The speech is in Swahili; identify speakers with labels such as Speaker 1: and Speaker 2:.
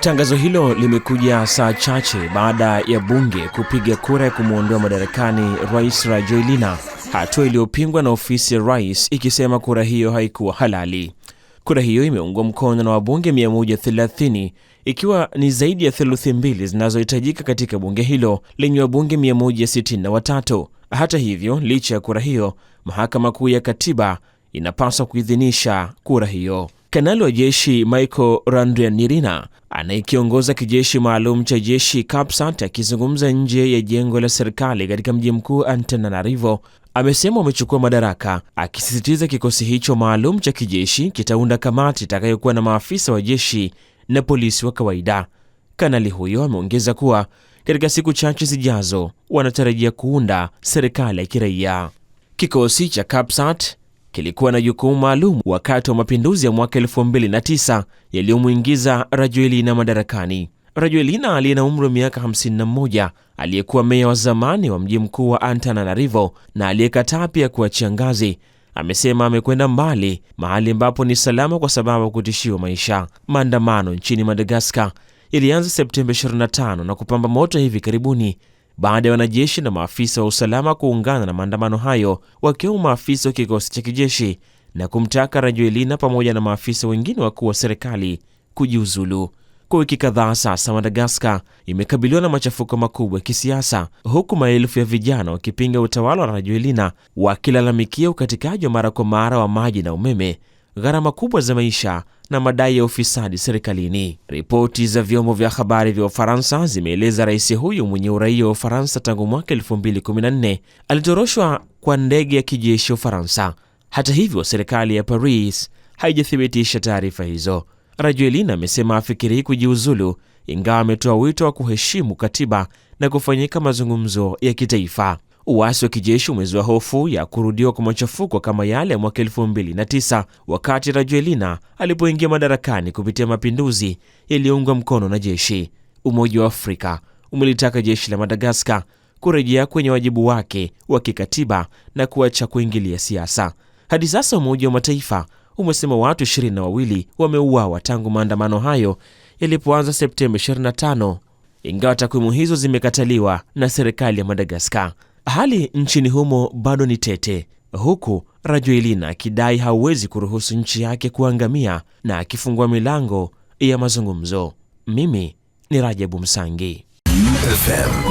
Speaker 1: Tangazo hilo limekuja saa chache baada ya bunge kupiga kura ya kumwondoa madarakani Rais Rajoelina, hatua iliyopingwa na ofisi ya rais ikisema kura hiyo haikuwa halali. Kura hiyo imeungwa mkono na wabunge 130 ikiwa ni zaidi ya theluthi mbili zinazohitajika katika bunge hilo lenye wabunge 163. Hata hivyo, licha ya kura hiyo, mahakama kuu ya katiba inapaswa kuidhinisha kura hiyo. Kanali wa jeshi Michael Randrianirina anayekiongoza kijeshi maalum cha jeshi capsat akizungumza nje ya jengo la serikali katika mji mkuu Antananarivo amesema wamechukua madaraka, akisisitiza kikosi hicho maalum cha kijeshi kitaunda kamati itakayokuwa na maafisa wa jeshi na polisi wa kawaida. Kanali huyo ameongeza kuwa katika siku chache zijazo wanatarajia kuunda serikali ya kiraia. Kikosi cha CAPSAT kilikuwa na jukumu maalum wakati wa mapinduzi ya mwaka 2009 yaliyomwingiza Rajoelina madarakani. Rajoelina aliye na umri wa miaka 51 aliyekuwa meya wa zamani wa mji mkuu wa Antananarivo na aliyekataa pia kuachia ngazi amesema amekwenda mbali mahali ambapo ni salama kwa sababu ya kutishiwa maisha. Maandamano nchini Madagaskar ilianza Septemba 25 na kupamba moto hivi karibuni baada ya wanajeshi na maafisa wa usalama kuungana na maandamano hayo, wakiwemo maafisa wa kikosi cha kijeshi na kumtaka Rajoelina pamoja na maafisa wengine wakuu wa serikali kujiuzulu. Kwa wiki kadhaa sasa, Madagaskar imekabiliwa na machafuko makubwa ya kisiasa, huku maelfu ya vijana wakipinga utawala wa Rajoelina wakilalamikia ukatikaji wa mara kwa mara wa maji na umeme gharama kubwa za maisha na madai ya ufisadi serikalini. Ripoti za vyombo vya habari vya Ufaransa zimeeleza rais huyu mwenye uraia wa Ufaransa tangu mwaka 2014 alitoroshwa kwa ndege ya kijeshi Ufaransa. Hata hivyo, serikali ya Paris haijathibitisha taarifa hizo. rajuelin amesema afikirii kujiuzulu, ingawa ametoa wito wa kuheshimu katiba na kufanyika mazungumzo ya kitaifa. Uasi wa kijeshi umezua hofu ya kurudiwa kwa machafuko kama yale ya mwaka tisa wakati Rajoelina alipoingia madarakani kupitia mapinduzi yaliyoungwa mkono na jeshi. Umoja wa Afrika umelitaka jeshi la Madagaskar kurejea kwenye wajibu wake wa kikatiba na kuacha kuingilia siasa. Hadi sasa Umoja wa Mataifa umesema watu ishirini na wawili wameuawa tangu maandamano hayo yalipoanza Septemba 25, ingawa takwimu hizo zimekataliwa na serikali ya Madagaskar. Hali nchini humo bado ni tete, huku Rajoelina akidai hauwezi kuruhusu nchi yake kuangamia na akifungua milango ya mazungumzo. Mimi ni Rajabu Msangi FM.